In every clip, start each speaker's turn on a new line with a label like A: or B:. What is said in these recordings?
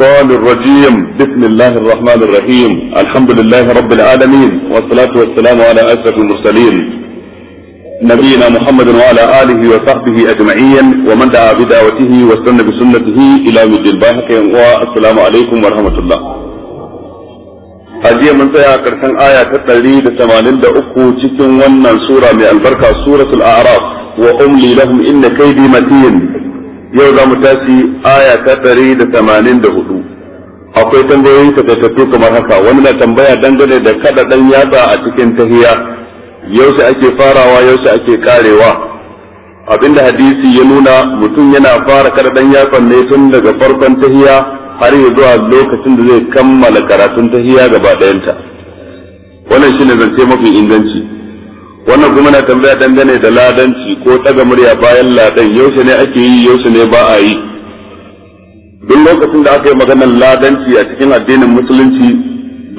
A: الشيطان الرجيم بسم الله الرحمن الرحيم الحمد لله رب العالمين والصلاة والسلام على أشرف المرسلين نبينا محمد وعلى آله وصحبه أجمعين ومن دعا بدعوته واستنى بسنته إلى مد الباحق والسلام عليكم ورحمة الله أجي من سيا كرسان آية تتريد ثمانين دا أكو تكن ونن سورة من البركة سورة الأعراف وأملي لهم إن كيدي متين yau za mu tashi aya ta ɗari da tamanin da hudu akwai tambayoyin ta tattattu kamar haka wani na tambaya dangane da kada ɗan yatsa a cikin tahiya yau sai ake farawa yau sai ake karewa abinda hadisi ya nuna mutum yana fara kada ɗan yatsan ne tun daga farkon tahiya har ya zuwa lokacin da zai kammala karatun tahiya gaba ɗayanta wannan shine zance mafi inganci wannan kuma na tambaya dangane da ladanci ko daga murya bayan ladan yaushe ne ake yi yaushe ne ba a yi duk lokacin da aka yi maganar ladanci a cikin addinin musulunci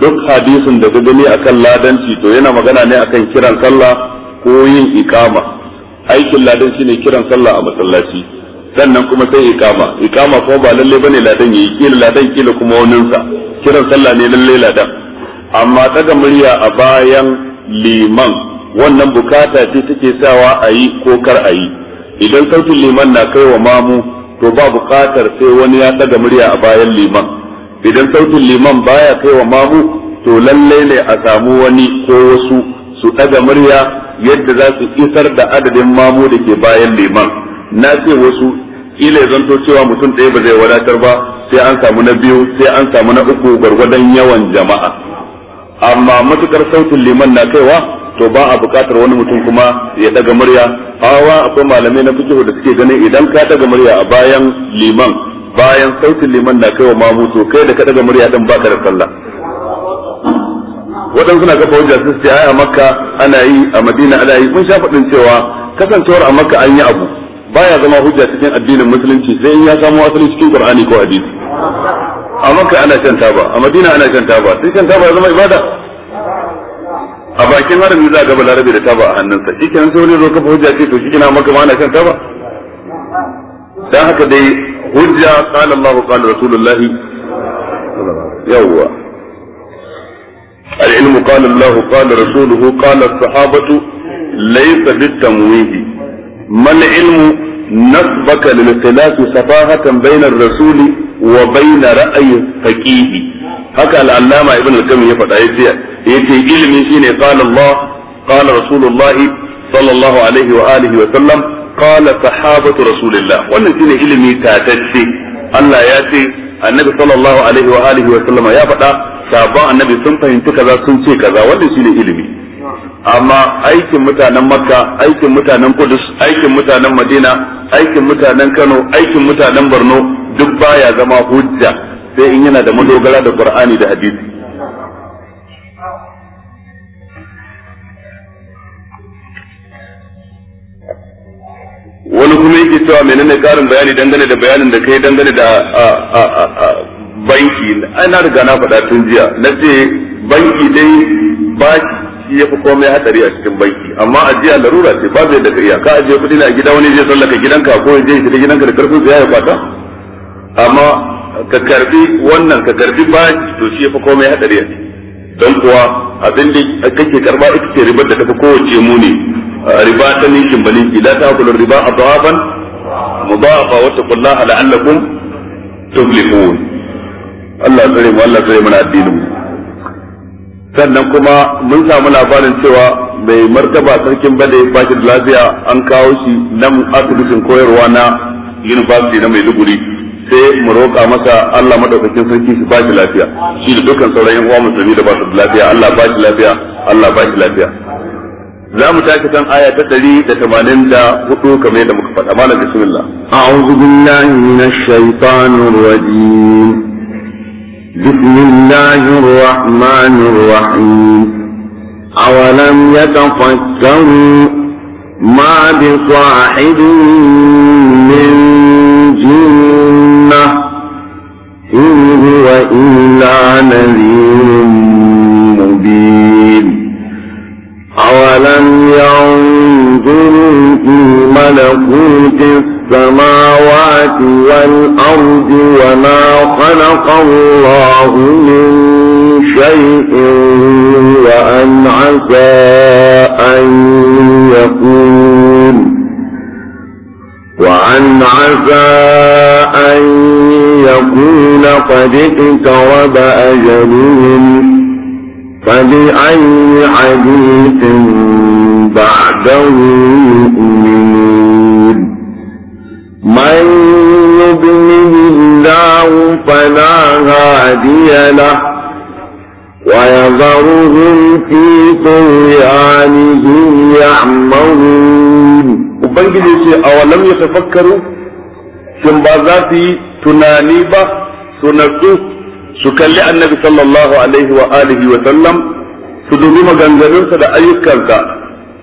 A: duk hadisin da ka gani akan ladanci to yana magana ne akan kiran sallah ko yin ikama aikin ladan shine kiran sallah a masallaci sannan kuma sai ikama ikama ko ba lalle bane ladan yayi kila ladan kila kuma sa kiran sallah ne lalle ladan amma daga murya a bayan liman wannan bukata ce take sawa a yi ko kar a yi idan sautin liman na kaiwa mamu to ba bukatar sai wani ya daga murya a bayan liman idan sautin liman baya kaiwa mamu to lalle ne a samu wani ko wasu su daga murya yadda za su isar da adadin mamu da ke bayan liman na ce wasu ila zanto cewa mutum ɗaya ba zai wadatar ba sai an samu na biyu sai an samu na uku gwargwadon yawan jama'a amma matukar sautin liman na kaiwa to ba a buƙatar wani mutum kuma ya daga murya awa akwai malamai na fikihu da suke ganin idan ka daga murya a bayan liman bayan sautin liman na kaiwa mamu to kai da ka daga murya din baka da sallah waɗansu na kafa hujja su ce ai a makka ana yi a madina ana yi mun sha faɗin cewa kasancewar a makka an yi abu baya zama hujja cikin addinin musulunci sai in ya samo asali cikin qur'ani ko hadisi a makka ana shan taba a madina ana shan taba sai shan taba ya zama ibada a bakin harami za a ga larabi da taba a hannunsa shi kenan sai wani zo kafa hujja ce to shi kina maka ma ana kan taba dan haka dai hujja qala Allah qala rasulullahi yawwa العلم قال الله قال رسوله قال الصحابة ليس بالتمويه ما العلم نسبك للخلاف سفاهة بين الرسول وبين رأي فقيه هكا العلامة ابن القيم يفتح yace ilimi shine qala Allah qala Rasulullah sallallahu alaihi wa alihi wa sallam qala sahabatu Rasulillah wannan shine ilimi tatacce Allah ya ce annabi sallallahu alaihi wa alihi wa sallama ya faɗa sabon annabi sun fahimci kaza sun ce kaza wannan shine ilimi amma aikin mutanen makka aikin mutanen kudus aikin mutanen madina aikin mutanen kano aikin mutanen borno duk baya zama hujja sai in yana da madogara da qur'ani da hadisi wani kuma yake cewa menene karin bayani dangane da bayanin da kai dangane da banki ai na riga na faɗa tun jiya na ce banki dai ba shi ya fi komai hatsari a cikin banki amma ajiya larura ce ba zai da iya ka ajiye kuɗi na gida wani zai sallaka gidanka ko ya je da gidanka da karfin ya kwata amma ka karbi wannan ka karbi ba to shi ya fi komai hatsari a cikin don kuwa abin da kake karba ita ce ribar da ta fi kowace muni riba ta ninkin ba ninki la ta'kulu riba adafan mudafa wa taqullaha la'allakum tuflihun Allah tsare mu Allah tsare mana addinin mu sannan kuma mun samu labarin cewa mai martaba sarkin bade baki da lafiya an kawo shi nan asibitin koyarwa na university na Maiduguri sai mu roƙa masa Allah madaukakin sarki shi baki lafiya shi da dukkan sauran yan uwa musulmi da ba su da lafiya Allah baki lafiya Allah baki lafiya za mu tashi kan aya ta ɗari da tamanin da hudu kamar
B: yadda muka faɗa malam bismillah a'udhu billahi minash shaitanir rajim bismillahir rahmanir rahim awalam yatafakkaru ma bi sahibin min jinnah in huwa illa nadhirun mubin أولم ينظروا في ملكوت السماوات والأرض وما خلق الله من شيء وأن عسى أن يكون وأن عسى أن يكون قد اقترب أجلهم فبأي حديث بعده يؤمنون من يبنه الله فلا هادي له ويذرهم في طغيانهم يعمرون Ubangiji ce
A: a walam ya tafakkaru shin ba za su yi tunani ba su natsu su kalli annabi sallallahu alaihi wa alihi wa sallam su dubi maganganunsa da ayyukansa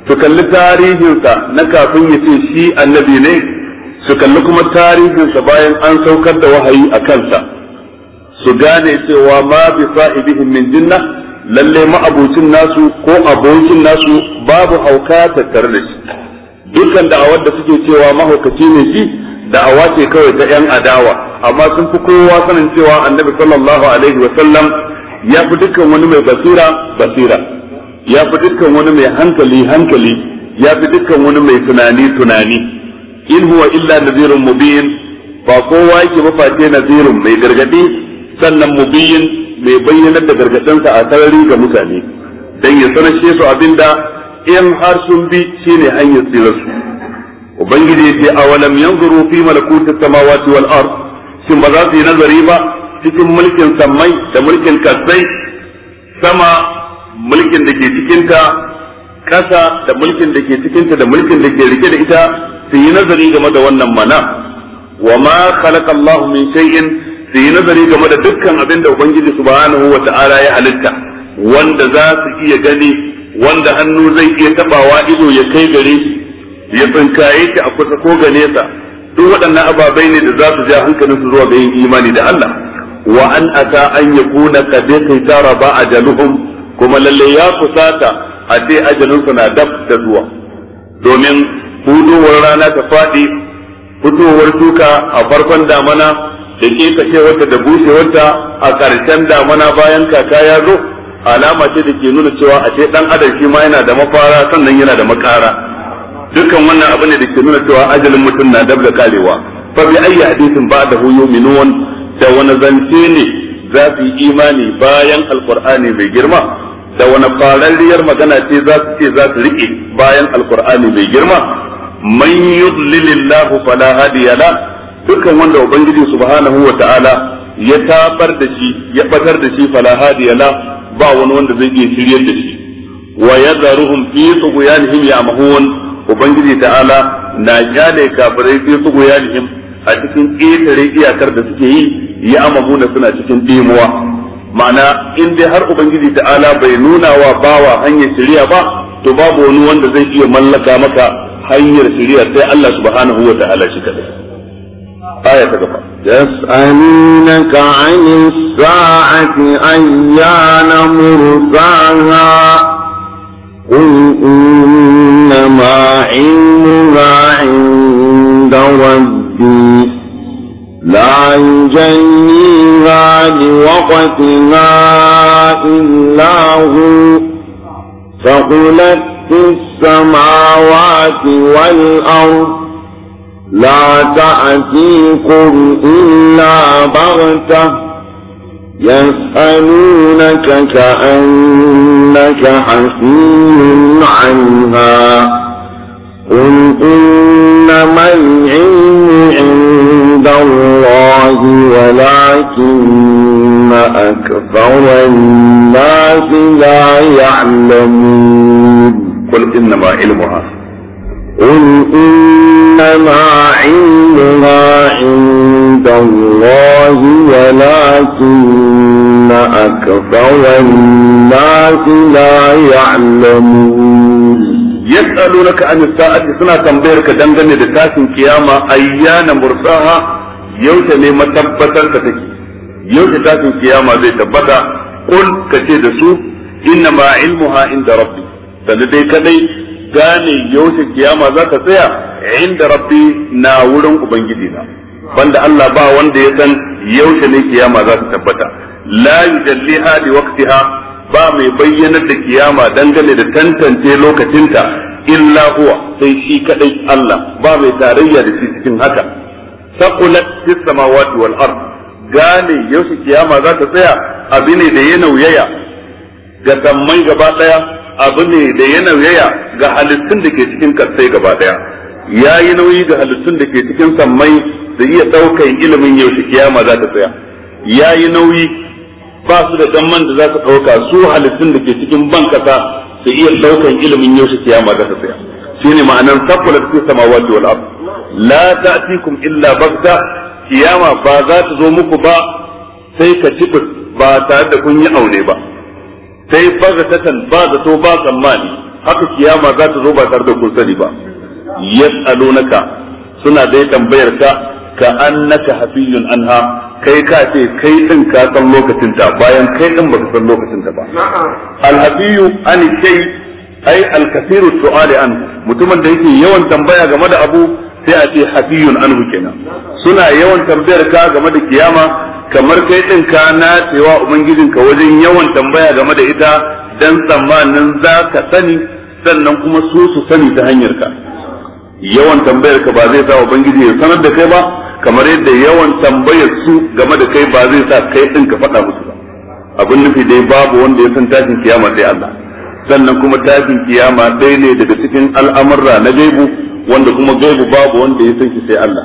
A: su kalli tarihinsa na kafin ya ce shi annabi ne su kalli kuma tarihinsa bayan an saukar da wahayi a kansa su gane cewa ma bi sa'ibihim min jinna lalle ma'abucin nasu ko abokin nasu babu hauka tattare da shi dukkan da'awar da suke cewa mahaukaci ne shi da'awa ce kawai ta 'yan adawa amma sun fi kowa sanin cewa annabi sallallahu alaihi wa sallam ya fi dukkan wani mai basira basira ya fi dukkan wani mai hankali hankali ya fi dukkan wani mai tunani tunani in huwa illa nadhirun mubin ba kowa yake ba face nadhirun mai gargadi sannan mubin mai bayyanar da gargadinsa a sarari ga mutane dan ya sanashe su abinda in har sun bi shine hanyar tsirarsu ubangiji ya ce awalam yanzuru fi malakutis samawati wal ard shin ba za su yi nazari ba cikin mulkin samai da mulkin kasai sama mulkin da ke cikinta kasa da mulkin da ke cikinta da mulkin da ke rike da ita su yi nazari game da wannan mana wa ma khalaqa Allah min shay'in su yi nazari game da dukkan abin da ubangiji subhanahu wa ta'ala ya halitta wanda za su iya gani wanda hannu zai iya tabawa ido ya kai gare ya tsinkaye shi a kusa ko ga nesa duk waɗannan ababai ne da za su ja hankalin su zuwa ga yin imani da Allah wa an ata an yakuna qad qaitara ba ajaluhum kuma lalle ya kusata a dai ajalin su na dab da zuwa domin hudowar rana ta fadi fitowar tuka a farkon damana da ke wata da bushewarta a ƙarshen damana bayan kaka ya zo alama ce da ke nuna cewa a ce dan adam ma yana da mafara sannan yana da makara dukkan wannan ne da ke nuna cewa ajalin mutum na dabda da karewa fa bi ayyi da ba'dahu yu'minun da wani zance ne za su yi imani bayan alqur'ani mai girma da wani fararriyar magana ce za su ce za su rike bayan alqur'ani mai girma man yudlilillahu fala hadiya la dukkan wanda ubangiji subhanahu wa ta'ala ya tabar da shi ya batar da shi fala hadiya la ba wani wanda zai iya shiryar da shi wa yadharuhum fi tughyanihim ya'mahun ubangiji ta'ala na kyale kafirai fi su goyalihim a cikin ƙetare iyakar da suke yi ya amamu da suna cikin dimuwa ma'ana in dai har ubangiji ta'ala bai nuna wa bawa hanyar shari'a ba to babu wani wanda zai iya mallaka maka hanyar shari'a sai Allah subhanahu wa ta'ala shi kadai
B: aya ta gaba يسألونك 'anis sa'ati ayyana مرساها علمها عند ربي لا يجنيها لوقتها إلا هو فقلت في السماوات والأرض لا تأتيكم إلا بغتة يسألونك كأنك حكيم عنها قل إنما العلم عند الله ولكن أكثر الناس لا يعلمون قل إنما علمها قل إنما علمها عند الله ولكن أكثر الناس لا يعلمون yas'alunaka an sa'ati suna tambayar ka dangane da tashin
A: kiyama ayyana mursaha yaushe ne matabbatar ka take yaushe tashin kiyama zai tabbata kul ka ce da su inna ma ilmuha inda rabbi sannan dai kadai gane yaushe kiyama za ta tsaya inda rabbi na wurin ubangiji na banda Allah ba wanda ya san yaushe ne kiyama za ta tabbata la yujalliha liwaqtiha ba mai bayyanar da kiyama dangane da tantance lokacinta illa huwa sai shi kadai Allah ba mai tarayya da shi cikin haka saqulat fis samawati wal ard gane yaushe kiyama za ta tsaya abu ne da ya nauyaya ga dammai gaba daya abu ne da ya nauyaya ga halittun da ke cikin kasai gaba daya yayi nauyi ga halittun da ke cikin sammai da iya daukan ilimin yaushe kiyama za ta tsaya yayi nauyi ba su da damman da za su ɗauka su halittun da ke cikin ban kasa su iya ɗaukan ilimin yaushe kiyama za ta tsaya shine ma'anar sakulat sama samawati wani abu, la ta'tikum illa bagda kiyama ba za ta zo muku ba sai ka tibu ba tare da kun yi aure ba sai bagtatan ba zato ba tsammani haka kiyama za ta zo ba tare da kun sani ba yas'alunaka suna dai tambayar ka ka annaka hafiyun anha kai ka ce kai din ka san lokacin ta bayan kai din baka san lokacin ta ba al hafiyu an shay ai al-kathiru su'ali an mutumin da yake yawan tambaya game da abu sai a ce habiyun anhu kenan suna yawan tambayar ka game da kiyama kamar kai din ka na cewa ka wajen yawan tambaya game da ita dan tsammanin za ka sani sannan kuma su su sani ta hanyar ka yawan tambayar ka ba zai sa ubangiji ya sanar da kai ba kamar yadda yawan tambayar su game da kai ba zai sa kai din ka faɗa musu ba abin nufi dai babu wanda ya san tashin kiyama sai Allah sannan kuma tashin kiyama ɗaya ne daga cikin al'amurra na gaibu wanda kuma gaibu babu wanda ya san shi sai Allah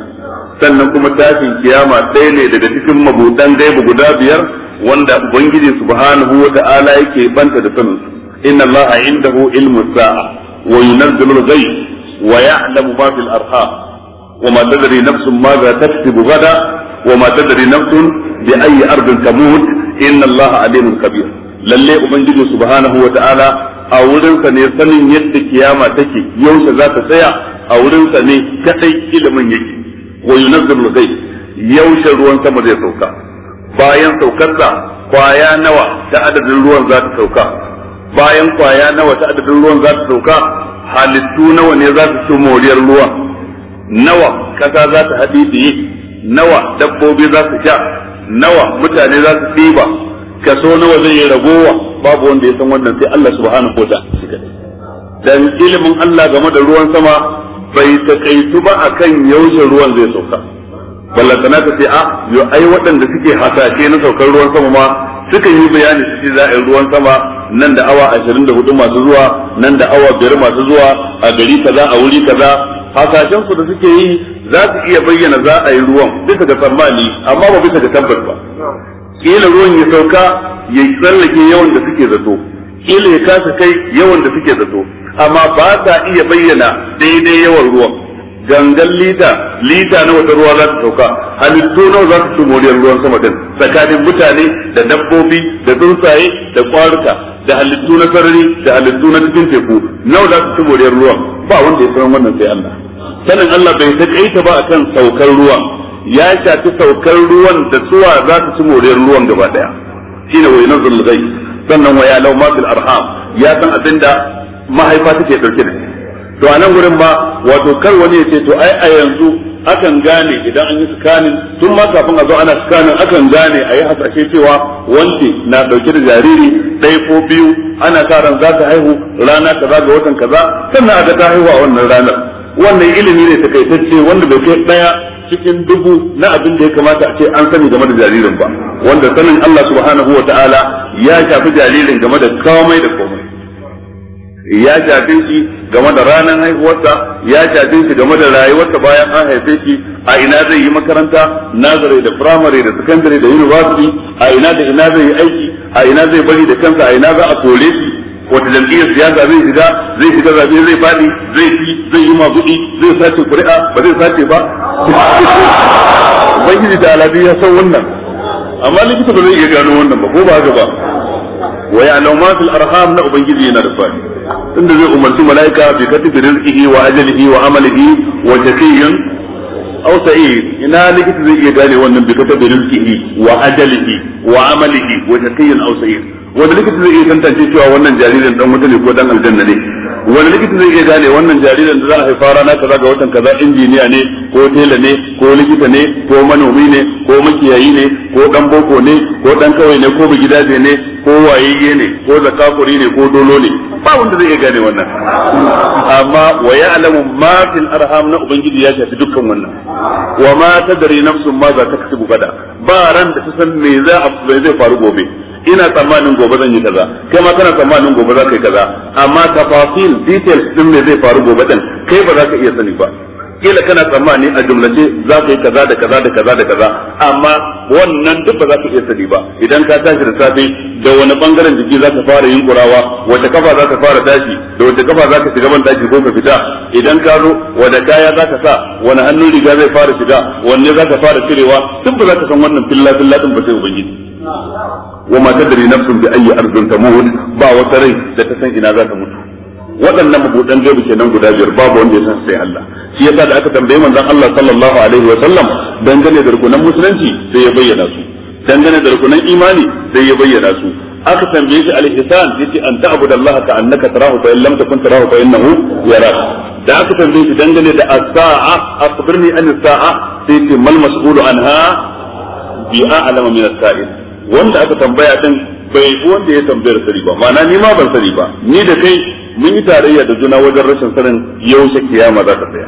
A: sannan kuma tashin kiyama ɗaya ne daga cikin mabudan gaibu guda biyar wanda ubangiji subhanahu wa ta'ala yake banta da sanin inna allaha indahu ilmu sa'a wa yunzilu al-ghayb wa ya'lamu ma fil arham وما تدري نفس ماذا تكسب غدا وما تدري نفس بأي أرض تموت إن الله عليم خبير lalle ubangiji subhanahu wataala a wurinsa ne sanin yadda kiyama take yaushe za ta tsaya a wurinsa ne kadai ilimin yake wa yunazzilul ghaib yaushe ruwan sama zai sauka bayan saukarsa kwaya nawa ta adadin ruwan za ta sauka bayan kwaya nawa ta adadin ruwan za ta sauka halittu nawa ne za su ci moriyar ruwan nawa kasa za ta biye nawa dabbobi za su sha nawa mutane za su ɗiba kaso nawa zai yi ragowa babu wanda ya san wannan sai Allah subhanahu wa ta'ala dan ilimin Allah game da ruwan sama bai takaitu ba akan yaushe ruwan zai sauka ballantana ta ce a yo ai waɗanda suke hasashe na saukar ruwan sama ma suka yi bayani su ce ruwan sama nan da awa 24 masu zuwa nan da awa 5 masu zuwa a gari kaza a wuri kaza hasashen su da suke yi za su iya bayyana za a yi ruwan bisa ga tsammani amma ba bisa ga tabbas ba kila ruwan ya sauka ya tsallake yawan da suke zato kila ya kasa kai yawan da suke zato amma ba sa iya bayyana daidai yawan ruwan gangan lita lita na wata ruwa za su sauka halittu nawa za su ci moriyar ruwan sama din tsakanin mutane da dabbobi da tsuntsaye da kwaruka da halittu na sarari da halittu na cikin teku nawa za su ci moriyar ruwan ba wanda ya san wannan sai Allah sanin Allah bai takaita ba akan saukar ruwan ya shafi saukar ruwan da suwa za ta ci moriyar ruwan gaba daya ne wa yanzul ghaib sannan wa ya law ma fil arham ya san abinda mahaifa take dauke da to a nan gurin ba wato kar wani ya ce to ai a yanzu akan gane idan an yi scanning tun ma kafin a zo ana scanning akan gane a yi hasashe cewa wanke na ɗauke da jariri ɗaya ko biyu ana sa ran za ta haihu rana kaza ga watan kaza sannan ga ta haihu a wannan ranar wannan ilimi ne takaitacce wanda bai kai daya cikin dubu na abin da ya kamata a ce an sani game da jaririn ba wanda sanin Allah subhanahu wa ta'ala ya shafi jaririn game da komai da komai ya shafi shi game da ranar haihuwarsa ya shafi shi game da rayuwarsa bayan an haife shi a ina zai yi makaranta nazare da firamare da sakandare da university a ina da ina zai yi aiki a ina zai bari da kansa a ina za a kore shi wata jam'iyyar siyasa zai shiga zai shiga zabe zai fadi zai ci zai yi mabudi zai sace kuri'a ba zai sace ba ubangiji da alabi ya san wannan amma likita ba zai iya gano wannan ba ko ba haka ba wa ya'lamu ma fil arham na ubangiji yana da fadi tunda zai umarci mala'ika bi katibi rizqihi wa ajalihi wa amalihi wa shaqiyyin aw sa'id ina likita zai iya gane wannan bi katibi rizqihi wa ajalihi wa amalihi wa shaqiyyin aw sa'id wani likita zai iya tantance cewa wannan jaririn dan wuta ne ko dan aljanna ne wani likita zai iya gane wannan jaririn da za a haifa rana kaza ga watan kaza injiniya ne ko tela ne ko likita ne ko manomi ne ko makiyayi ne ko dan boko ne ko dan kawai ne ko bigidaje ne ko wayayye ne ko zakakuri ne ko dolo ne ba wanda zai iya gane wannan amma wa ya'lamu ma fil arham na ubangiji ya shafi dukkan wannan wa ma tadri nafsun ma za ta kasu gada ba ran da ta san me za a zai faru gobe ina tsammanin gobe zan yi kaza kai ma kana tsammanin gobe za ka yi kaza amma tafasil details din me zai faru gobe din kai ba za ka iya sani ba kila kana tsammani a jumlace za ka yi kaza da kaza da kaza da kaza amma wannan duk ba za ka iya sani ba idan ka tashi da safe da wani bangaren jiki za ka fara yunkurawa wata kafa za ka fara tashi da wata kafa za ka shiga ban daki ko ka fita idan ka zo wada kaya za ka sa wani hannun riga zai fara shiga wanne za ka fara cirewa duk ba za ka san wannan filla filla din ba sai ubangiji
B: wa ma tadri
A: nafsun bi ayyi ardin tamut ba wata rai da ta san ina za ta mutu waɗannan mabudan gaibu kenan guda biyar babu wanda ya san sai Allah shi yasa da aka tambaye manzon Allah sallallahu alaihi wa sallam dangane da rukunan musulunci sai ya bayyana su dangane da rukunan imani sai ya bayyana su aka tambaye shi al-ihsan yace an ta'budu Allah ka annaka tarahu fa in lam takun tarahu fa innahu yara. da aka tambaye shi dangane da as-sa'a akhbirni an as-sa'a sai yace mal mas'ulu anha bi a'lamu min as-sa'il wanda aka tambaya din bai wanda ya tambayar sani ba ma'ana ni ma ban sani ba ni da kai mun yi tarayya da juna wajen rashin sanin yaushe kiyama za ta tsaya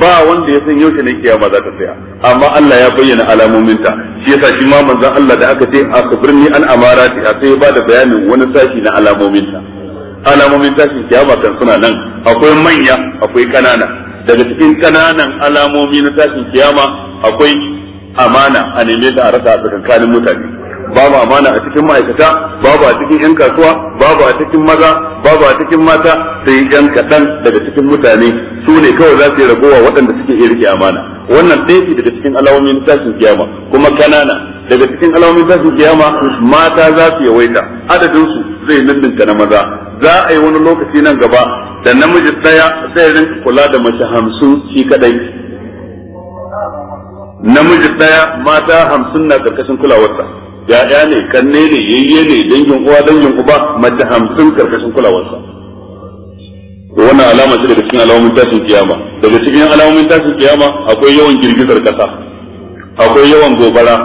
A: ba wanda ya san yaushe ne kiyama za ta tsaya amma Allah ya bayyana alamominta shi yasa shi ma manzon Allah da aka ce kubrini an amarati a sai ba da bayanin wani sashi na alamominta alamomin tashin kiyama kan suna nan akwai manya akwai kanana daga cikin kananan alamomi na tashin kiyama akwai amana a neme ta a rasa a tsakankanin mutane babu amana a cikin ma'aikata babu a cikin yan kasuwa babu a cikin maza babu a cikin mata sai yan kaɗan daga cikin mutane su ne kawai za su yi ragowa waɗanda suke iya rike amana wannan ɗaya daga cikin alamomin tashin kiyama kuma kanana daga cikin alamomin tashin kiyama mata za su yawaita adadin su zai ninninka na maza za a yi wani lokaci nan gaba da namiji ɗaya zai rinka kula da mace hamsin shi kadai namiji ɗaya mata hamsin na karkashin kulawarsa ya'ya ne kanne ne yayye ne dangin uwa dangin uba mace hamsin karkashin kulawarsa wannan alama ce daga cikin alamomin tashin kiyama daga cikin alamomin tashin kiyama akwai yawan girgizar kasa akwai yawan gobara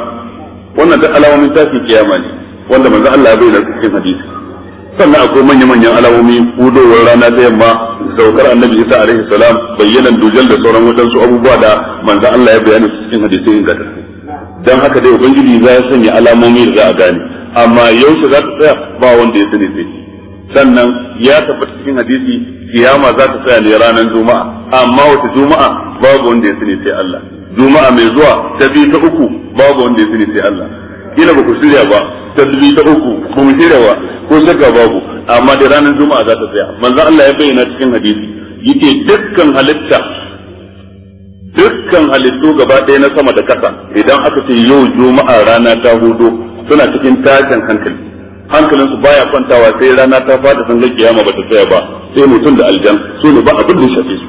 A: wannan duk alamomin tashin kiyama ne wanda manzo Allah ya bayyana cikin hadisi sannan akwai manya-manyan alamomi hudowar rana ta yamma saukar annabi Isa alaihi salam bayyanan dujal da sauran wadansu abubuwa da manzo Allah ya bayyana cikin hadisi ingantattu dan haka dai ubangiji za ya sanya alamomi da za a gane amma yaushe za ta tsaya ba wanda ya sani sai sannan ya tabbata cikin hadisi kiyama za ta tsaya ne ranar juma'a amma wata juma'a babu wanda ya sani sai Allah juma'a mai zuwa ta biyu ta uku babu wanda ya sani sai Allah kila ba ku shirya ba ta biyu ta uku ba mu shirya ba ko shakka babu amma da ranar juma'a za ta tsaya manzo Allah ya bayyana cikin hadisi yake dukkan halitta dukkan halittu gaba ɗaya na sama da ƙasa idan aka ce yau juma'a rana ta hudu suna cikin tashin hankali hankalinsu baya kwantawa sai rana ta fada sun ga kiyama bata tsaya ba sai mutum da aljan su ne ba abin da shafe su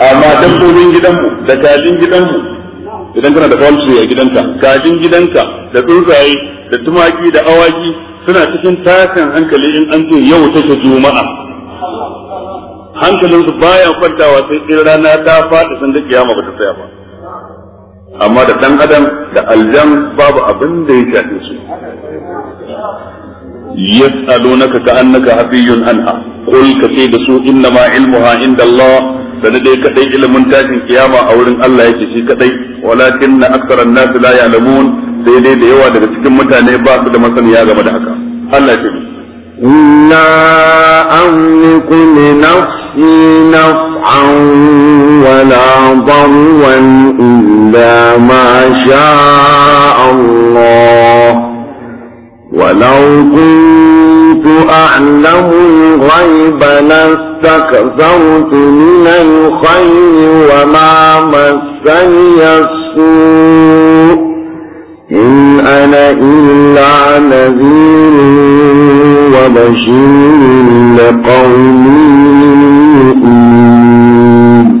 A: amma dabbobin gidanmu da kajin gidanmu idan kana da poultry a gidanka kajin gidanka da tsuntsaye da tumaki da awaki suna cikin tashin hankali in an ce yau ta juma'a su baya kwantawa sai in rana ta faɗi sun da kiyama ba ta tsaya ba amma da dan adam da aljan babu abin da ya shafe su yas'alunaka ka'annaka hafiyun anha qul ka sai da su innama ilmuha inda Allah sanin dai kadai ilimin tashin kiyama a wurin Allah yake shi kadai walakin na aksaran nas la ya'lamun sai dai da yawa daga cikin mutane ba su da masaniya game da haka Allah ya ce
B: لا أملك لنفسي يأتي نفعا ولا ضرا إلا ما شاء الله ولو كنت أعلم الغيب لاستكثرت من الخير وما مسني السوء إن أنا إلا نذير وبشير لقوم يؤمنون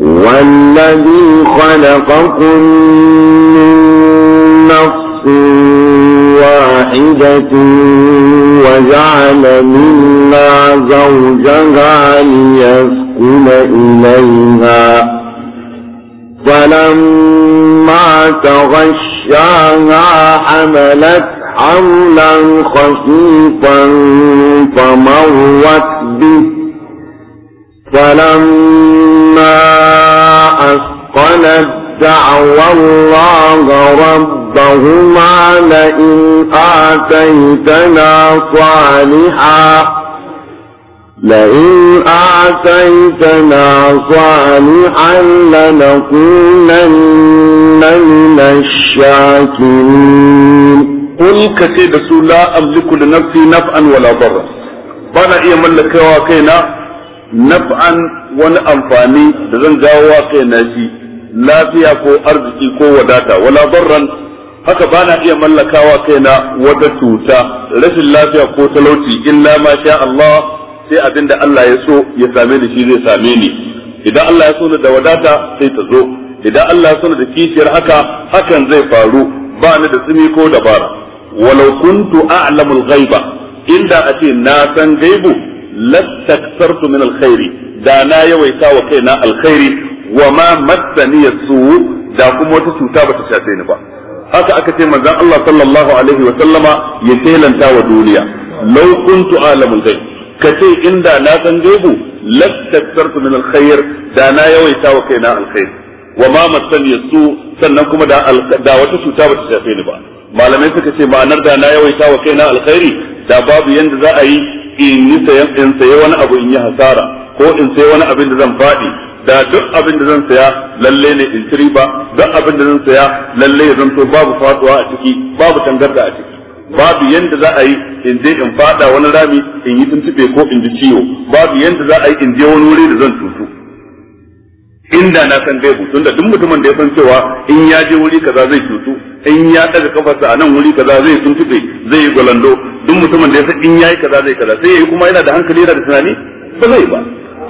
B: والذي خلقكم من نفس واحدة وجعل منا زوجها ليسكن إليها فلما تغشاها حملت حملا خفيفا فمرت به فلما أثقلت دعوى الله ربهما لئن آتيتنا صالحا لئن آتيتنا صالحا لنكونن من الشاكرين قل كتي دسو لا أملك لنفسي
A: نفعا ولا ضرا بنا إيا ملكا وكينا نفعا wani لذن جاء zan جي لا kaina shi lafiya ko arziki ko wadata wala barran haka iya mallakawa kaina wata cuta rashin lafiya ko talauci illa ma sha Allah sai abin da Allah ya so ya same ni shi zai same ni idan Allah ya so ni da wadata sai ta zo idan Allah ya so ni da kishiyar haka hakan zai faru ba ni da tsimi ko dabara walau kuntu a'lamu al-ghaiba inda a ce na san gaibu lastaktartu min alkhairi da na yawaita wa kaina alkhairi wa ma massani su da kuma wata cuta ba ta shafe ni ba haka aka ce manzon Allah sallallahu alaihi wa sallama ya telanta wa duniya law kuntu a'lamu al ka ce inda na san gaibu lastaktartu min alkhair da na yawaita wa kaina alkhair wa ma masani su sannan kuma da da wata cuta ba ta shafe ni ba malamai suka ce ma'anar da na yawaita wa kaina alkhairi da babu yanda za a yi in yi in sayi wani abu in yi hasara ko in sayi wani abin da zan faɗi da duk abin da zan saya lalle ne in ci duk abin da zan saya lalle ya zanto babu faduwa a ciki babu tangarda a ciki babu yanda za a yi in je in fada wani rami in yi tuntube ko in ji ciwo babu yanda za a yi in je wani wuri da zan tutu inda na san gaibu da duk mutumin da ya san cewa in ya je wuri kaza zai tutu in ya daga kafarsa a nan wuri kaza zai tuntube zai yi gwalando duk mutumin da ya san in ya yi kaza zai kaza sai yi kuma yana da hankali yana da tunani ba zai ba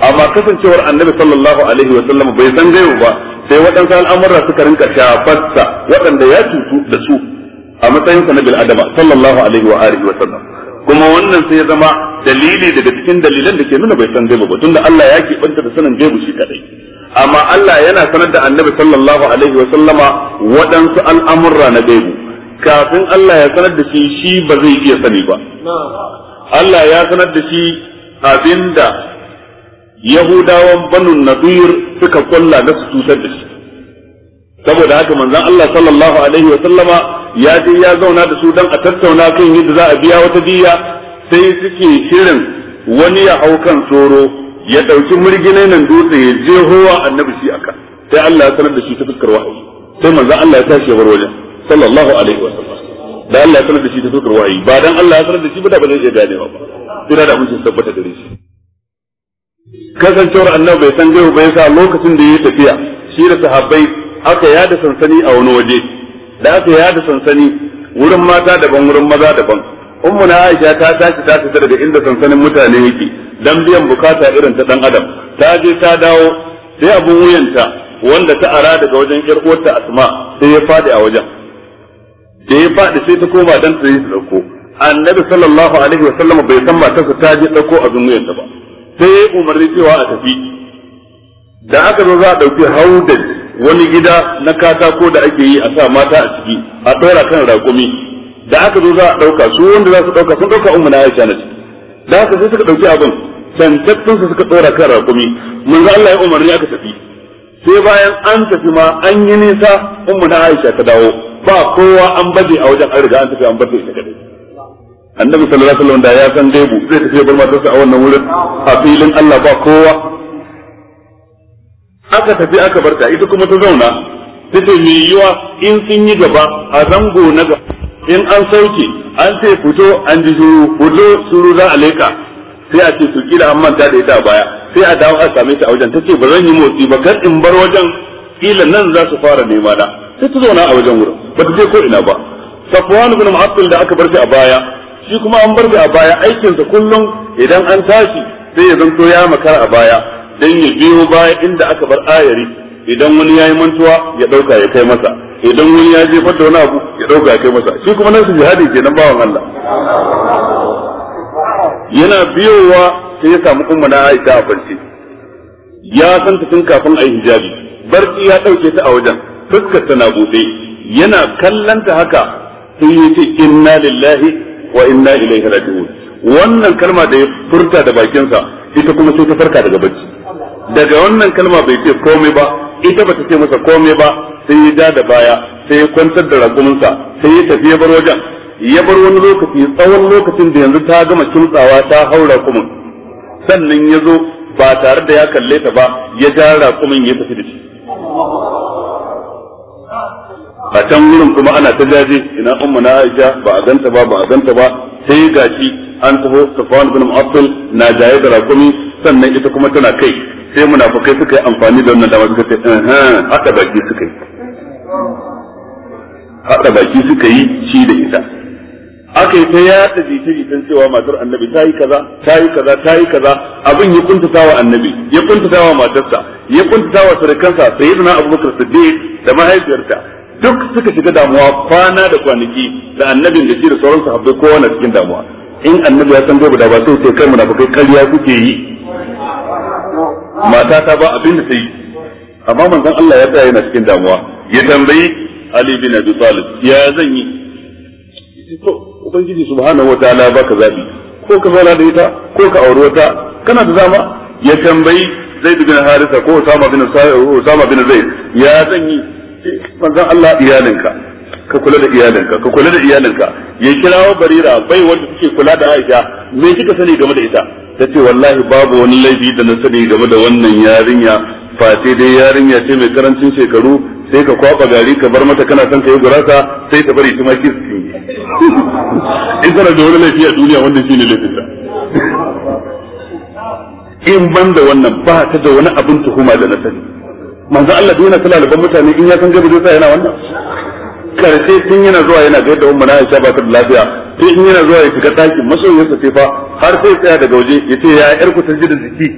A: amma kasancewar annabi sallallahu alaihi wa sallam bai san gaibu ba sai waɗansu al'amura suka rinka shafarsa waɗanda ya tutu da su a matsayin sa na bil adama sallallahu alaihi wa alihi wa sallam kuma wannan sai ya zama dalili daga cikin dalilan da ke nuna bai san gaibu ba tunda Allah ya keɓanta da sanin gaibu shi kadai amma Allah yana sanar da annabi sallallahu alaihi wa sallama waɗansu al'amurra na gaibu kafin Allah ya sanar da shi shi ba zai iya sani ba Allah ya sanar da shi abinda Yahudawan banu Nadir suka kulla na su cutar da shi saboda haka manzon Allah sallallahu alaihi wa sallama ya je ya zauna da su dan a tattauna kan yadda za a biya wata diya sai suke shirin wani ya hau kan tsoro ya ɗauki murginai nan dutse ya je howa annabi shi aka sai Allah ya sanar da shi ta fuskar wahayi sai manzo Allah ya tashi ya bar wajen sallallahu alaihi wa sallam da Allah ya sanar da shi ta fuskar wahayi ba dan Allah ya sanar da shi ba da ba zai iya ganewa ba sai da mun tabbata da shi kasancewar annabi bai san gaibu ba sa lokacin da ya tafiya shi da sahabbai aka yada sansani a wani waje da aka da sansani wurin mata daban wurin maza daban ummu aisha ta tashi ta fita daga inda sansanin mutane yake dan biyan bukata irin ta dan adam ta je ta dawo sai abun wuyanta wanda ta ara daga wajen yar asma sai ya fadi a wajen da ya fadi sai ta koma dan ta yi dauko annabi sallallahu alaihi wa sallam, bai san ba ta su ta je dauko abin wuyanta ba sai ya umarni cewa a tafi da aka zo za a dauki haudan wani gida na katako da ake yi a sa mata a ciki a ɗora kan raƙumi da aka zo za a ɗauka su wanda za su ɗauka sun ɗauka umu na aisha na ciki da aka sai suka ɗauki abin tantattun su suka ɗora kan raƙumi mun manzo Allah ya umarni aka tafi sai bayan an tafi ma an yi nisa umu na aisha ta dawo ba kowa an baje a wajen an riga an tafi an baje ita kadai annabi sallallahu alaihi wasallam da ya san daibu zai tafi bar matarsa a wannan wurin a filin Allah ba kowa aka tafi aka barta ita kuma ta zauna ta ce mai yiwa in sun yi gaba a zango na gaba in an sauke an ce fito an ji juru fito suru za a leka sai a ce to kila an manta da ita a baya sai a dawo a same ta a wajen ta ce ba zan yi motsi ba kar in bar wajen kila nan za su fara nema da sai ta zauna a wajen wurin ba ta je ko ina ba Safwan ibn mu'attil da aka bar shi a baya shi kuma an bar shi a baya aikinsa kullum idan an tashi sai ya zanto ya makara a baya dan ya biyo baya inda aka bar ayari idan wani yayi mantuwa ya dauka ya kai masa idan wani ya je fadda wani abu ya dauka ya kai masa shi kuma nan su jihadi nan bawan Allah yana biyowa sai ya samu umma na Aisha a farce ya san ta tun kafin a yi hijabi barci ya dauke ta a wajen fuskar ta na bude yana kallanta haka sai ya ce inna lillahi wa inna ilaihi raji'un wannan kalma da ya furta da bakinsa ita kuma sai ta farka daga bacci daga wannan kalma bai ce komai ba ita bata ce masa komai ba sai ya ja da baya sai ya kwantar da rakuminsa sai ya tafi ya bar wajen ya bar wani lokaci tsawon lokacin da yanzu ta gama kimtsawa ta haura kuma sannan ya zo ba tare da ya kalle ta ba ya ja rakumin ya tafi da shi a can wurin kuma ana ta jaje ina umma na Aisha ba a ganta ba ba a ganta ba sai gashi an taho Safwan bin Abdul na jaye da rakumi sannan ita kuma tana kai sai munafukai suka yi amfani da wannan dama suka ce haɗa baki suka yi haɗa baki suka yi shi da ita aka yi ta yaɗa jita-jitan cewa matar annabi ta yi kaza ta yi kaza ta yi kaza abin ya kuntata wa annabi ya kuntata wa matarsa ya kuntata wa sai sayyidina abubakar siddiq da mahaifiyarta duk suka shiga damuwa kwana da kwanaki da annabin da shi da sauran sahabbai kowa na cikin damuwa in annabi ya san gobe da ba sai sai kai munafukai kariya kuke yi mata ta ba abin da ta yi amma manzon Allah ya tsaya yana cikin damuwa ya tambayi Ali bin Abi Talib ya zan yi to ubangiji subhanahu wataala baka zabi ko ka zauna da ita ko ka auri wata kana da dama ya tambayi Zaid bin Harisa ko Usama bin Usama bin Zaid ya zan yi manzon Allah iyalinka ka kula da iyalinka ka kula da iyalinka ya kirawo barira bai wanda suke kula da Aisha me kika sani game da ita tace wallahi babu wani laifi da na sani game da wannan yarinya fa sai dai yarinya ce mai karancin shekaru sai ka kwaba gari ka bar mata kana son ka yi gurasa sai ta bari tuma kis in tana da wani laifi a duniya wanda shine laifin ta in ban da wannan ba ta da wani abin tuhuma da na sani manzo Allah duk yana talalaban mutane in ya san gaba zai sa yana wannan karshe tun yana zuwa yana ga yadda umma na Aisha ba ta lafiya sai in yana zuwa ya shiga ɗakin masoyinsa sai fa har sai tsaya daga waje ya ce ya yar ku ta ji da jiki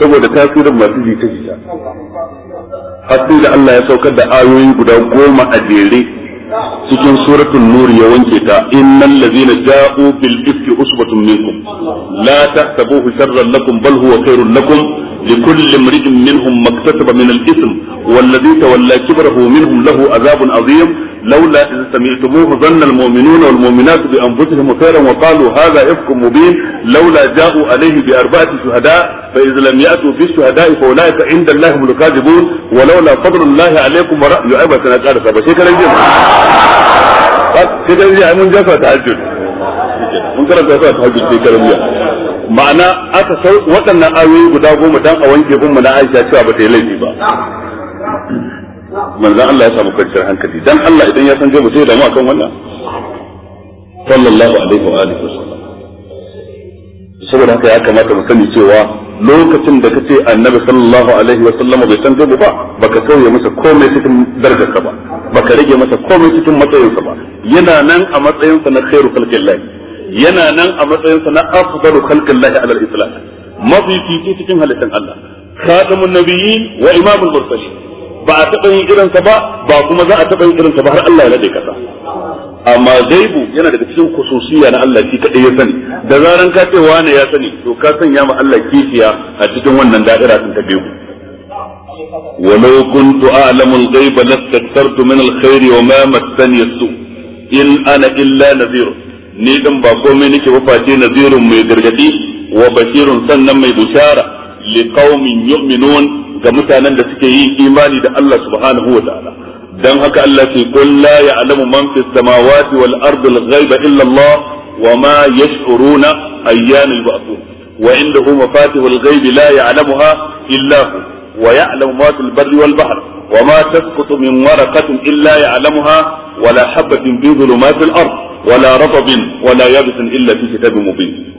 A: saboda tasirin masu jita jita har sai da Allah ya saukar da ayoyi guda goma a jere cikin suratul nur ya wanke ta innal ladzina ja'u bil ifki usbatun minkum la tahsabuhu sharran lakum bal huwa khairun lakum لكل امرئ منهم ما اكتسب من الاثم والذي تولى كبره منهم له عذاب عظيم لولا إذ سمعتموه ظن المؤمنون والمؤمنات بأنفسهم خيرا وقالوا هذا إفك مبين لولا جاءوا عليه بأربعة شهداء فإذا لم يأتوا بالشهداء فأولئك عند الله هم الكاذبون ولولا فضل الله عليكم ورأي عبة سنة قال سبا شكرا جدا شكرا جدا من جفا تهجد من كرم جفا تهجد شكرا جدا ma'ana aka sau waɗannan ayoyi guda goma dan a wanke gunmu na Aisha cewa ba ta yi laifi ba manzan Allah ya samu kwanciyar hankali dan Allah idan ya san gaba sai ya damu akan wannan sallallahu alaihi wa alihi wasallam saboda haka ya kamata mu sani cewa lokacin da kace annabi sallallahu alaihi wasallam bai san gaba ba baka kauye masa komai cikin darajarsa ba baka rage masa komai cikin matsayinsa ba yana nan a matsayinsa na khairu khalqillah yana nan a matsayinsa na afdalu khalqillah ala al-islam mafifici cikin halittan Allah khatamun nabiyyin wa imamul mursalin ba a taɓa yin irinsa ba ba kuma za a taɓa yin irinsa ba har Allah ya nade kasa amma zaibu yana daga cikin kususiya na Allah shi kaɗai ya sani da zaran ka ce wani ya sani to ka sanya ma Allah kifiya a cikin wannan da'ira din ta gaibu ولو كنت أعلم الغيب لاستكثرت من الخير وما مسني السوء in ana illa نذير ni dan ba komai nake ba face naziru mai gargadi wa bashirun sannan mai bushara liqaumin yu'minun ga mutanen da suke yin imani da Allah subhanahu wa ta'ala dan haka Allah ke qul la ya'lamu man fis samawati wal ardi al ghaiba illa Allah wa ma yash'uruna ayyan al ba'thun wa indahu mafatihu al ghaibi la ya'lamuha illa hu wa ya'lamu ma fil barri wal bahr wa ma tasqutu min waraqatin illa ya'lamuha wa la habatin fi dhulumati al ard ولا رطب ولا يابس إلا في كتاب مبين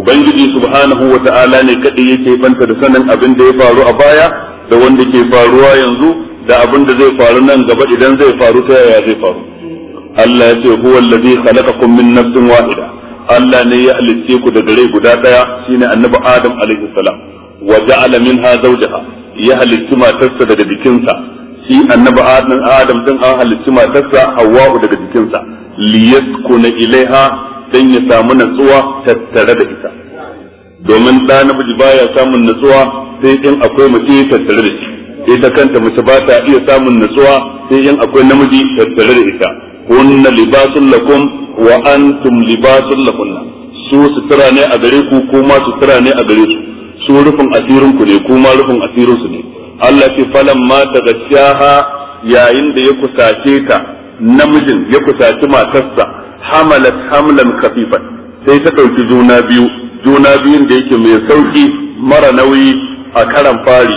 A: ubangiji subhanahu wa ta'ala ne kadai yake banta da sanin abin da ya faru a baya da wanda ke faruwa yanzu da abin da zai faru nan gaba idan zai faru ta yaya zai faru Allah ya ce huwa allazi khalaqakum min nafsin wahida Allah ne ya halitte ku da rai guda daya shine annabi Adam alaihi salam wa ja'ala minha zawjaha ya halitti matarsa daga jikinsa shi annabi Adam Adam din an halitti matarsa Hawwa daga jikinsa liyaskuna ilaiha don ya samu natsuwa tattare da ita domin da namiji baya samun natsuwa sai in akwai mace tattare da shi ita kanta mace ba ta iya samun natsuwa sai in akwai namiji tattare da ita kunna libasun lakum wa antum libasun lakunna su sutura ne a gare ku kuma sutura ne a gare su su rufin asirin ku ne kuma rufin asirin su ne Allah ce falan ma daga yayin da ya kusace ta namijin ya kusace matarsa hamalat hamlan kafifa sai ta dauki juna biyu juna biyun da yake mai sauki mara nauyi a karan fari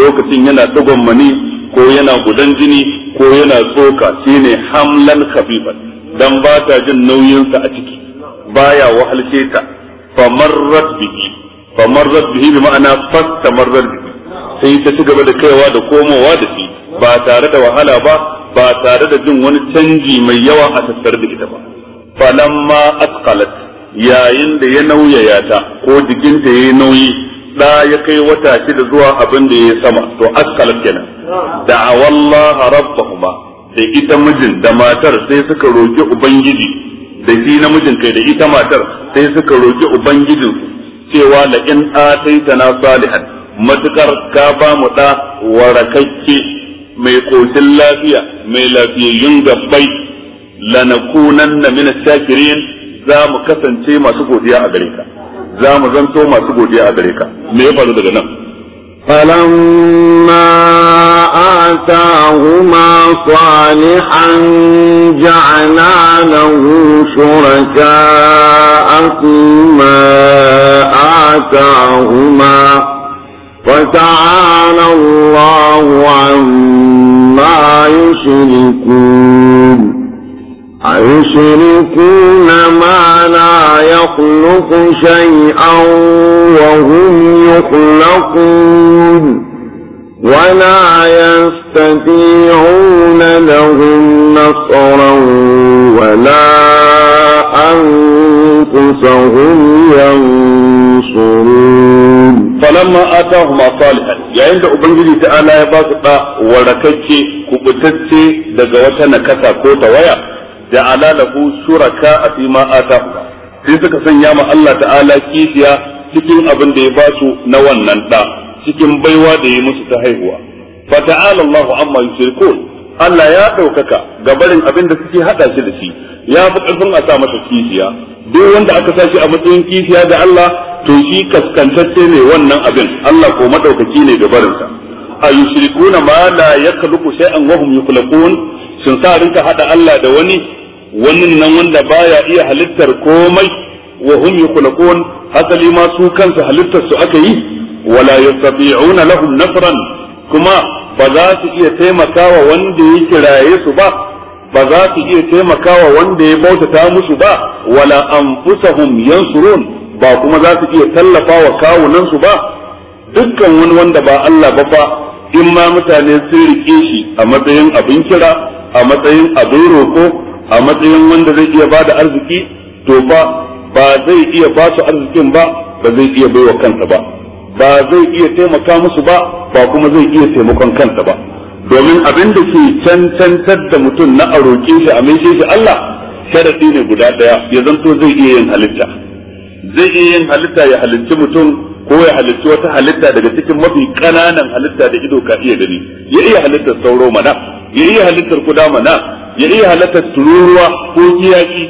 A: lokacin yana dugon mani ko yana gudan jini ko yana tsoka shine hamlan khafifan dan ba ta jin nauyinsa a ciki baya wahalce ta famarrat bihi famarrat bihi bi ma'ana marrat bihi sai ta ci gaba da kaiwa da komowa da shi ba tare da wahala ba ba tare da jin wani canji mai yawa a tattare da ita ba falamma asqalat yayin da ya nauyaya ta ko jikinta yayi nauyi da ya kai wata shida zuwa abin da ya sama to asqalat kenan wallahi rabbahuma da ita mijin da matar sai suka roki ubangiji da shi namijin kai da ita matar sai suka roki ubangijin cewa la in ataitana salihan matukar ka ba mu da warakakke mai koshin lafiya mai lafiyayyun gabbai lanakunanna min as-sakirin za mu kasance masu godiya a gare ka za mu zanto masu godiya a gare ka
B: me ya faru daga nan فلما آتاهما صالحا جعلا له شركاء فيما آتاهما وتعالى الله عما يشركون أيشركون ما لا يخلق شيئا وهم يخلقون
A: ولا
B: يستطيعون لهم نصرا ولا أنفسهم ينصرون فلما آتاهما صالحا
A: yayin da ubangiji ta'ala ya ba su دقوتنا كتا كوتا ويا ja'ala lahu shuraka fi ma atahu sai suka sanya ma Allah ta'ala kishiya cikin abin da ya ba su na wannan da cikin baiwa da ya musu ta haihuwa fa ta'ala Allahu amma yushrikun Allah ya ɗaukaka ga barin abin da suke hada shi da shi ya fi karfin a sa masa kishiya duk wanda aka sa shi a matsayin kishiya da Allah to shi kaskantacce ne wannan abin Allah ko madaukaki ne ga barinsa a yushrikuna ma la yakhluqu shay'an wa hum yukhlaqun sun sa rinka hada Allah da wani wannan nan wanda baya iya halittar komai wa hum yukhlaqun hasali ma su kansu halittar su aka yi wala yastati'una lahum nasran kuma ba za su iya taimakawa wanda ya kiraye su ba ba za su iya taimakawa wanda ya bautata musu ba wala anfusahum yansurun ba kuma za su iya tallafawa kawunan su ba dukkan wani wanda ba Allah ba fa in ma mutane sun rike shi a matsayin abin kira a matsayin abin roko a matsayin wanda zai iya bada arziki to fa ba zai iya ba su arzikin ba ba zai iya baiwa kansa ba ba zai iya taimaka musu ba ba kuma zai iya taimakon kansa ba domin abin da ke cancantar da mutum na a shi a mai shi Allah sharadi ne guda daya ya zanto zai iya yin halitta zai iya yin halitta ya halitti mutum ko ya halitti wata halitta daga cikin mafi ƙananan halitta da ido ka iya gani ya iya halittar sauro mana ya iya halittar kuda mana ya iya halatta tururuwa ko kiyaki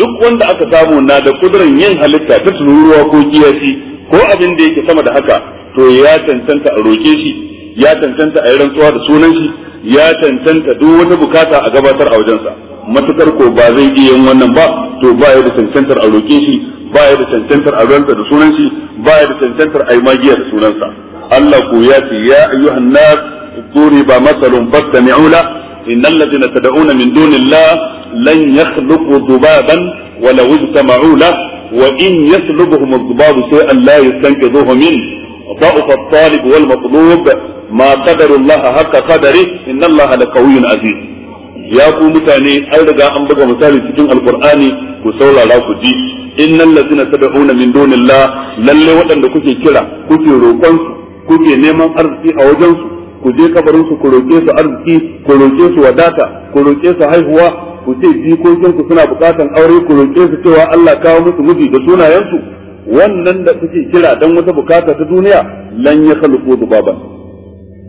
A: duk wanda aka samu na da kudurin yin halitta ta tururuwa ko kiyaki ko abin da yake sama da haka to ya cancanta a roke shi ya cancanta a yi rantsuwa da sunan shi ya cancanta duk wata bukata a gabatar a wajensa matukar ko ba zai iya yin wannan ba to ba ya da cancantar a roke shi ba ya da cancantar a rantsa da sunan shi ba ya da cancantar a yi magiya da sunansa Allah ko ya ce ya ayyuhan nas ضرب مثل فاستمعوا له innal ladina tad'una min dunillah lan yakhluqu dhubaban wa law ijtama'u la wa in yaslubuhum adh-dhubabu shay'an la min ضعف الطالب والمطلوب ما قدر الله حق قدره إن الله لقوي عزيز يا ku mutane an riga an buga misali cikin alqur'ani ku saurara ku ji innal ladina tad'una min dunillah lalle waɗanda kuke kira kuke roƙon su kuke neman arziki a wajen su ku je kabarin su ku roke su arziki ku roke su wadata ku roke su haihuwa ku ce jikokin ku suna bukatan aure ku roke su cewa Allah kawo musu miji da sunayen su wannan da kuke kira dan wata bukata ta duniya lan ya khalqu dubaban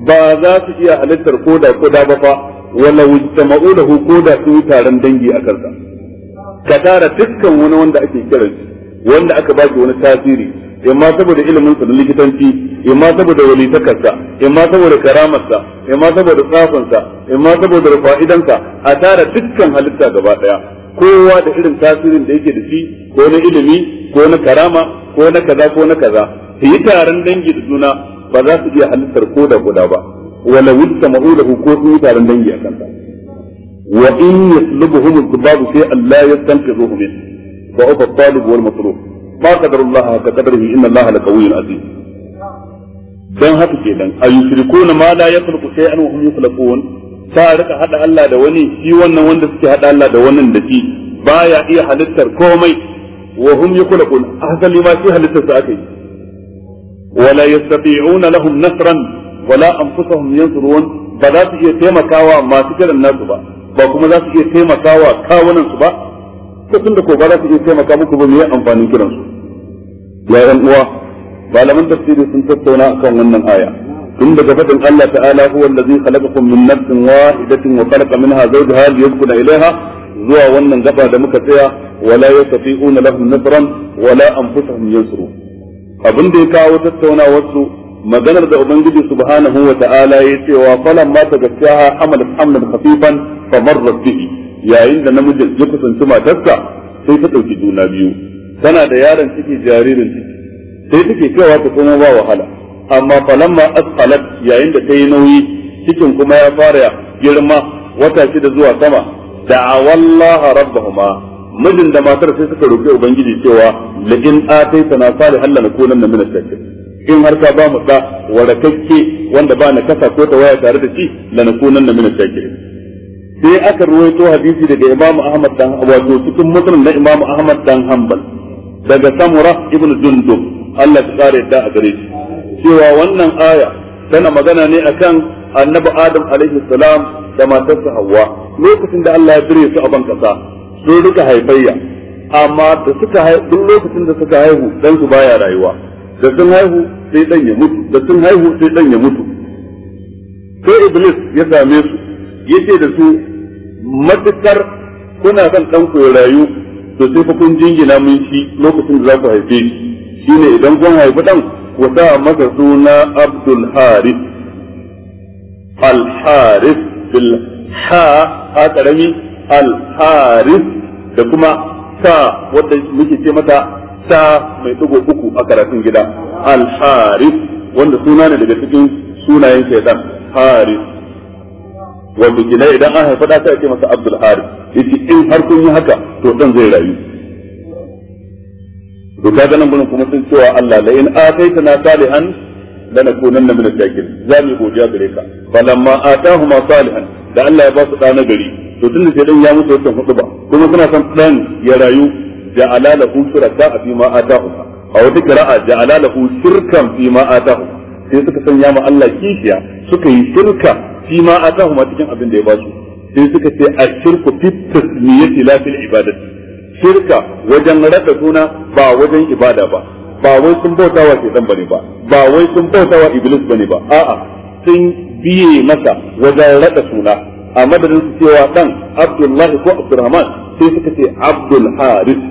A: ba za su iya halittar koda koda ba fa wala wajtama'u lahu koda su taron dangi a Karka. ka tara dukkan wani wanda ake kira wanda aka baki wani tasiri amma saboda ilimin sa na likitanci imma saboda walitakarsa imma saboda karamarsa imma saboda tsafinsa imma saboda fa'idansa a tara dukkan halitta gaba daya kowa da irin tasirin da yake da shi ko na ilimi ko na karama ko na kaza ko na kaza su yi taron dangi da juna ba za su iya halittar ko da guda ba wala wutta ma'udahu ko su yi taron dangi a kanta wa in yaslubuhum al-dhibab sai Allah yastanqidhuhum min wa huwa at-talib wal matlub Ba qadara Allah ka qadarihi inna Allah la qawiyyun aziz dan haka ke dan na ma la yakhluqu shay'an wa hum yukhluqun sa rika hada Allah da wani shi wannan wanda suke hada Allah da wannan da shi baya iya halittar komai wa hum yukhluqun asali ma shi halittar sa akai wala yastati'una lahum nasran wala anfusuhum yansurun ba za su iya taimakawa masu kiran nasu ba ba kuma za su iya taimakawa kawunan su ba ko tunda ko ba za su iya taimaka muku ba me amfanin kiran su ya uwa malaman tafsiri sun tattauna akan wannan aya tun daga fadin Allah ta'ala huwa allazi khalaqakum min nafsin wahidatin wa khalaqa minha zawjaha liyuskuna ilaiha zuwa wannan gaba da muka tsaya wala yastati'una lahum nasran wala anfusuhum yansuru abin da ya kawo tattaunawarsu maganar da ubangiji subhanahu wa ta'ala ya cewa falan ma ta gaskiya amalat amlan khafifan fa marrat bihi yayin da namijin ya kusanci matarsa sai ta dauki juna biyu tana da yaron ciki jaririn ciki sai take cewa ta koma ba wahala amma falamma asqalat yayin da ta yi nauyi cikin kuma ya fara girma wata shida zuwa sama da'awallaha rabbahuma mijin da matar sai suka roƙi ubangiji cewa la in ataitana salihan lanakunanna min ash-shakirin in har ka ba mu da warakakke wanda ba na kasa ko ta waya tare da shi lanakunan na min ash sai aka ruwaito hadisi daga Imam Ahmad dan wato cikin muslim na Imam Ahmad dan Hanbal daga Samura ibnu Jundub Allah ka kare yadda a gare shi cewa wannan aya tana magana ne akan annabi Adam alaihi salam da matarsa Hawwa lokacin da Allah ya bire su a ban kasa sun rika haifayya amma da suka duk lokacin da suka haihu dan su baya rayuwa da sun haihu sai dan ya mutu da sun haihu sai dan ya mutu sai Iblis ya same su yace da su matukar kuna son dan ku rayu to sai fa kun jingina mun shi lokacin da za ku haife shi shine idan kun haifi dan ku sa masa suna Abdul haris Al haris bil ha ha karami Al Harith da kuma ta wanda muke ce mata ta mai digo uku a karatun gida Al Harith wanda suna ne daga cikin sunayen shaytan Harith wanda gina idan an haifa da sai ake masa Abdul haris yace in har kun yi haka to dan zai rayu to kaga nan gurin kuma sun cewa Allah la in ataitana salihan lanakunanna min ash-shakirin za mu godiya gare ka falamma atahuma salihan da Allah ya ba su dana gari to tunda sai dan ya mutu wannan hudu ba kuma suna son dan ya rayu da alala ku shuraka fi ma atahu a wata qira'a da alala ku shirkan fi ma atahu sai suka sanya ma Allah kishiya suka yi shirka fi ma atahu ma cikin abin da ya ba su sai suka ce ashirku fi tasmiyati la fil ibadati shirka wajen raɗa suna ba wajen ibada ba ba wai sun bauta wa shaitan bane ba ba wai sun bauta wa iblis bane ba a'a sun biye masa wajen raɗa suna a madadin su cewa dan abdullahi ko abdurrahman sai suka ce abdul haris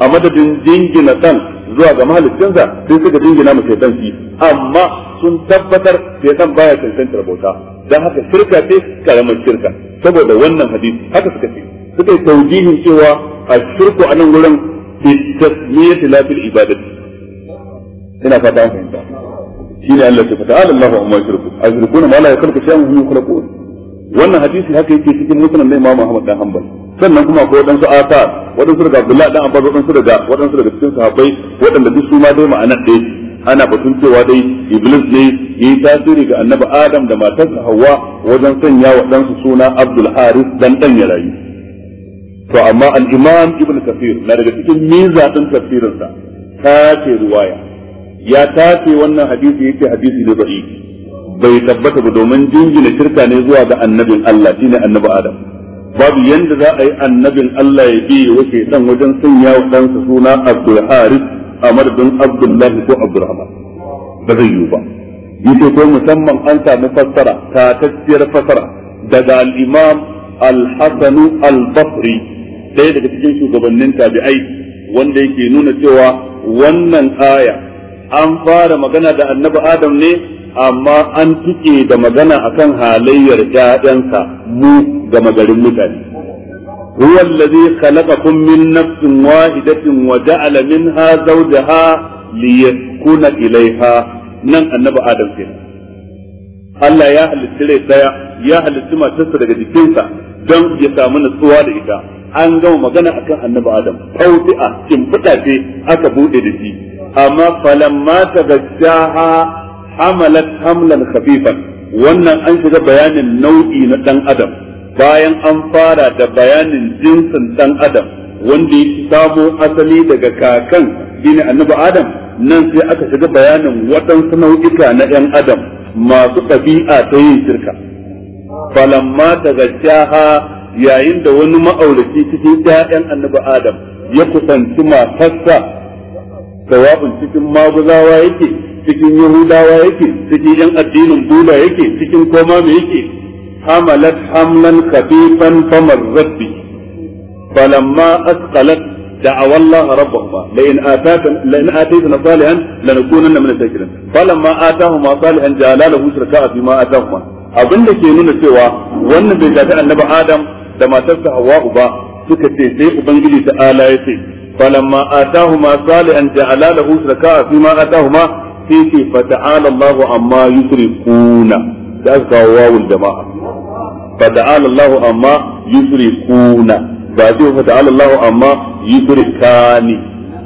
A: a madadin jingina dan zuwa ga mahalicinsa sai suka jingina mu shaitan shi amma sun tabbatar shaitan baya cancantar bauta dan haka shirka ce karamar shirka saboda wannan hadisi haka suka ce suka yi taujihin cewa a shirku a nan gurin bi tasmiyati la bil ibadati ina fata an fahimta ne Allah ta Allah Allahu umar shirku azrikuna ma la shi shay'an hum yakhluqun wannan hadisi haka yake cikin musnad na Imam Ahmad dan Hanbal sannan kuma akwai wadansu asar wadansu daga Abdullah dan Abbas wadansu daga wadansu daga cikin sahabbai wadanda duk su ma dai ma'ana ɗaya ana batun cewa dai Iblis ne yayi tasiri ga Annabi Adam da matarsa Hawwa wajen sanya wa suna Abdul Haris dan dan ya rayu to amma al-imam ibn kafir na daga cikin miza din tafsirin sa tace ruwaya ya tace wannan hadisi yake hadisi ne da'if bai tabbata ba domin jingina shirka ne zuwa ga annabin Allah shine annabi Adam babu yanda za a yi annabin Allah ya bi wa dan wajen sanya wa ɗansa suna Abdul Haris a madadin Abdullah ko Abdurrahman ba zai yiwu ba yace ko musamman an samu fassara ta tafsiyar fassara daga al-imam al-Hasan ɗaya daga cikin shugabannin tabi'ai wanda yake nuna cewa wannan aya an fara magana da annabi adam ne amma an tuke da magana akan halayyar ƴaƴansa mu ga magarin mutane allazi khalaqakum min nafsin wahidatin wa ja'ala minha zawjaha liyakuna ilayha nan annabi Adam كنا Allah ya halitta rai daya ya halitta matarsa daga jikinsa don ya samu nutsuwa da ita an gama magana akan annabi adam tawti'a kimfida ce aka bude da shi amma falamma gajjaha hamalat hamlan khafifan wannan an shiga bayanin nau'i na dan adam bayan an fara da bayanin jinsin dan adam wanda ya samo asali daga kakan shine annabi adam nan sai aka shiga bayanin waɗansu nau'ika na 'yan adam masu ɗabi'a ta yin shirka falamma tagashaha yayin da wani ma'auraci cikin ƴaƴan annabi adam ya kusanci matarsa sawa'un cikin maguzawa yake cikin yahudawa yake cikin yan addinin buda yake cikin koma me yake hamalat hamlan khafifan famarrat bi falamma asqalat دعوا الله ربهما لئن آتاكنا لئن آتيتنا صالحا لنكونن من الشاكرين فلما آتاهما صالحا جعل له شركاء فيما ma abin da ke nuna cewa wannan bai gaji annabi adam da matarsa Hawwa'u ba suka ce sai ubangiji ta ala ya ce falamma atahuma salihan ja'ala lahu shuraka fi ma atahuma fi fi fa ta'ala Allahu amma yusrikuna da aka kawo wawul jama'a fa ta'ala Allahu amma yusrikuna ba zai fa ta'ala Allahu amma yusrikani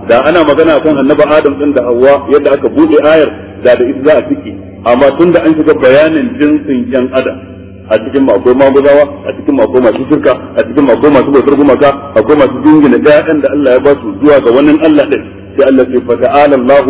A: da ana magana kan annaba Adam din da Hawwa yadda aka bude ayar da da ita za a ciki amma tunda an shiga bayanin jinsin yan adam a cikin ma akwai maguzawa a cikin ma akwai masu shirka a cikin ma akwai masu bautar gumaka akwai masu dingina ƴaƴan da Allah ya ba su zuwa ga wannan Allah din sai Allah ce fa ta'ala Allah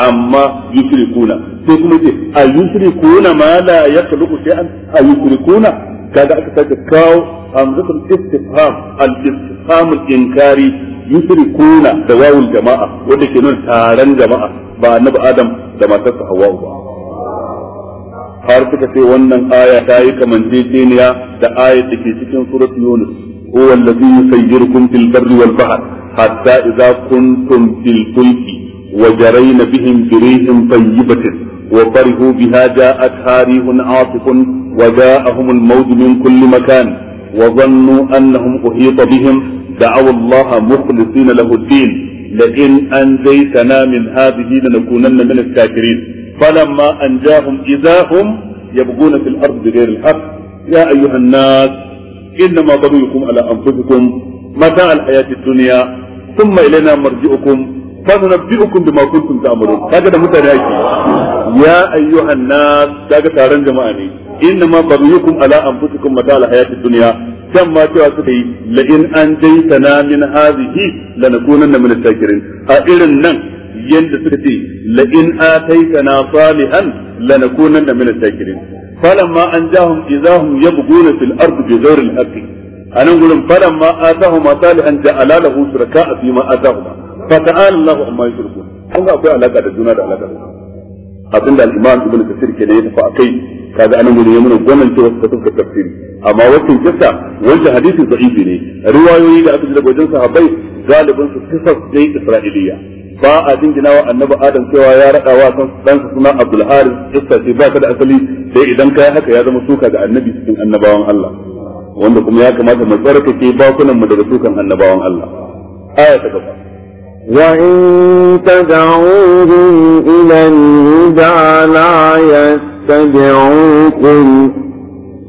A: amma yushrikuna sai kuma ce a yushrikuna ma la yakhluqu shay'an a yushrikuna kaga aka sake kawo hamzatul istifham al istifham al inkari yushrikuna da wawul jama'a wanda ke nuna taron jama'a ba annabi Adam da matarsa Hawwa ba har suka ce wannan aya ta yi kamanceceniya da aya da ke cikin surat yunus huwa allazi yusayyirukum fil barri wal bahr hatta idza kuntum fil fulki wa jarayna bihim birihin tayyibatin wa farihu biha ja'at harihun atifun wa ja'ahum al mawt min kulli makan wa dhannu annahum uhita bihim da'aw Allah mukhlisina lahu ad-din لئن أنجيتنا من هذه لنكونن من الشاكرين فلما أنجاهم إذا هم يبغون في الأرض بغير الحق يا أيها الناس إنما بغيكم على أنفسكم متاع الحياة الدنيا ثم إلينا مرجعكم فننبئكم بما كنتم تعملون هكذا متناجي يا أيها الناس كذا تارن جماعني إنما بغيكم على أنفسكم متاع الحياة الدنيا kan ma cewa suka yi la in an jaitana min hazihi lanakunanna min as-sakirin a irin nan yanda suka ce la in ataitana salihan lanakunanna min ash-shakirin falamma anjahum idahum yabghuna fil ardi bighayri al-haqq anan gurin falamma atahuma salihan ja'ala lahu shuraka'a fi ma atahuma fa ta'ala Allahu amma yushrikun kun ga akwai alaka da juna da alaka da abinda al-imam ibn kasir ke da ya tafi akai kaga anan gurin ya nuna ta wasu suka tuka tafsiri amma wannan kissa wancan hadisi da'ifi ne riwayoyi da aka ji daga wajen sahabbai galibin su kissa dai isra'iliya ba a jingina wa annabi adam cewa ya raɗa wa su suna abdul haris iska ce ba da asali sai idan kai haka ya zama suka ga annabi cikin annabawan Allah wanda kuma ya kamata mu ba bakunan
B: mu daga sukan annabawan Allah aya ta gaba tad'uhu ila al-huda la yastabi'ukum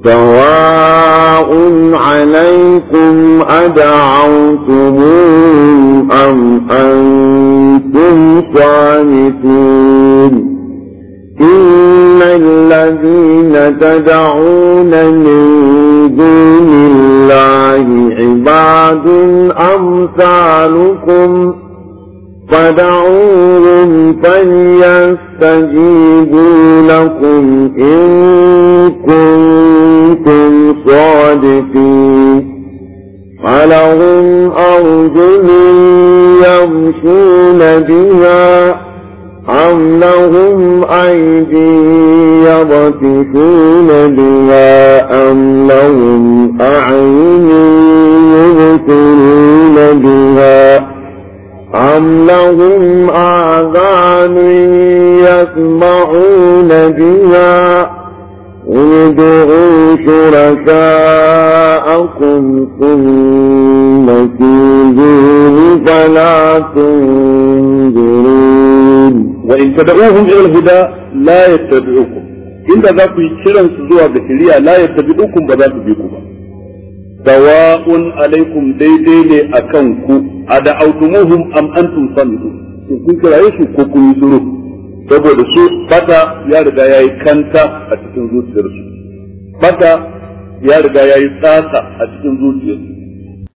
B: سواء عليكم أدعوتموهم أم أنتم صامتون إن الذين تدعون من دون الله عباد أمثالكم فدعوهم فليستجيبوا لكم إن كنتم صادقين ولهم أرجل يمشون بها أم لهم أيدي يبطشون بها أم لهم أعين يبصرون بها أم لهم آذان يسمعون بها قل ادعوا شركاءكم ثم كيدوه فلا تنظرون وإن تدعوهم إلى الهدى لا يتبعوكم إن
A: ذاكوا يتشرن سزوا بشريا لا يتبعوكم بذاك بيكم سواء عليكم دَيْدَيْنِ أكنكم autumuhum am antum samitun shin kun kiraye su ko kun suru saboda su bata ya riga yayi kanta a cikin
B: zuciyarsu bata ya riga yayi tsasa a cikin zuciyarsu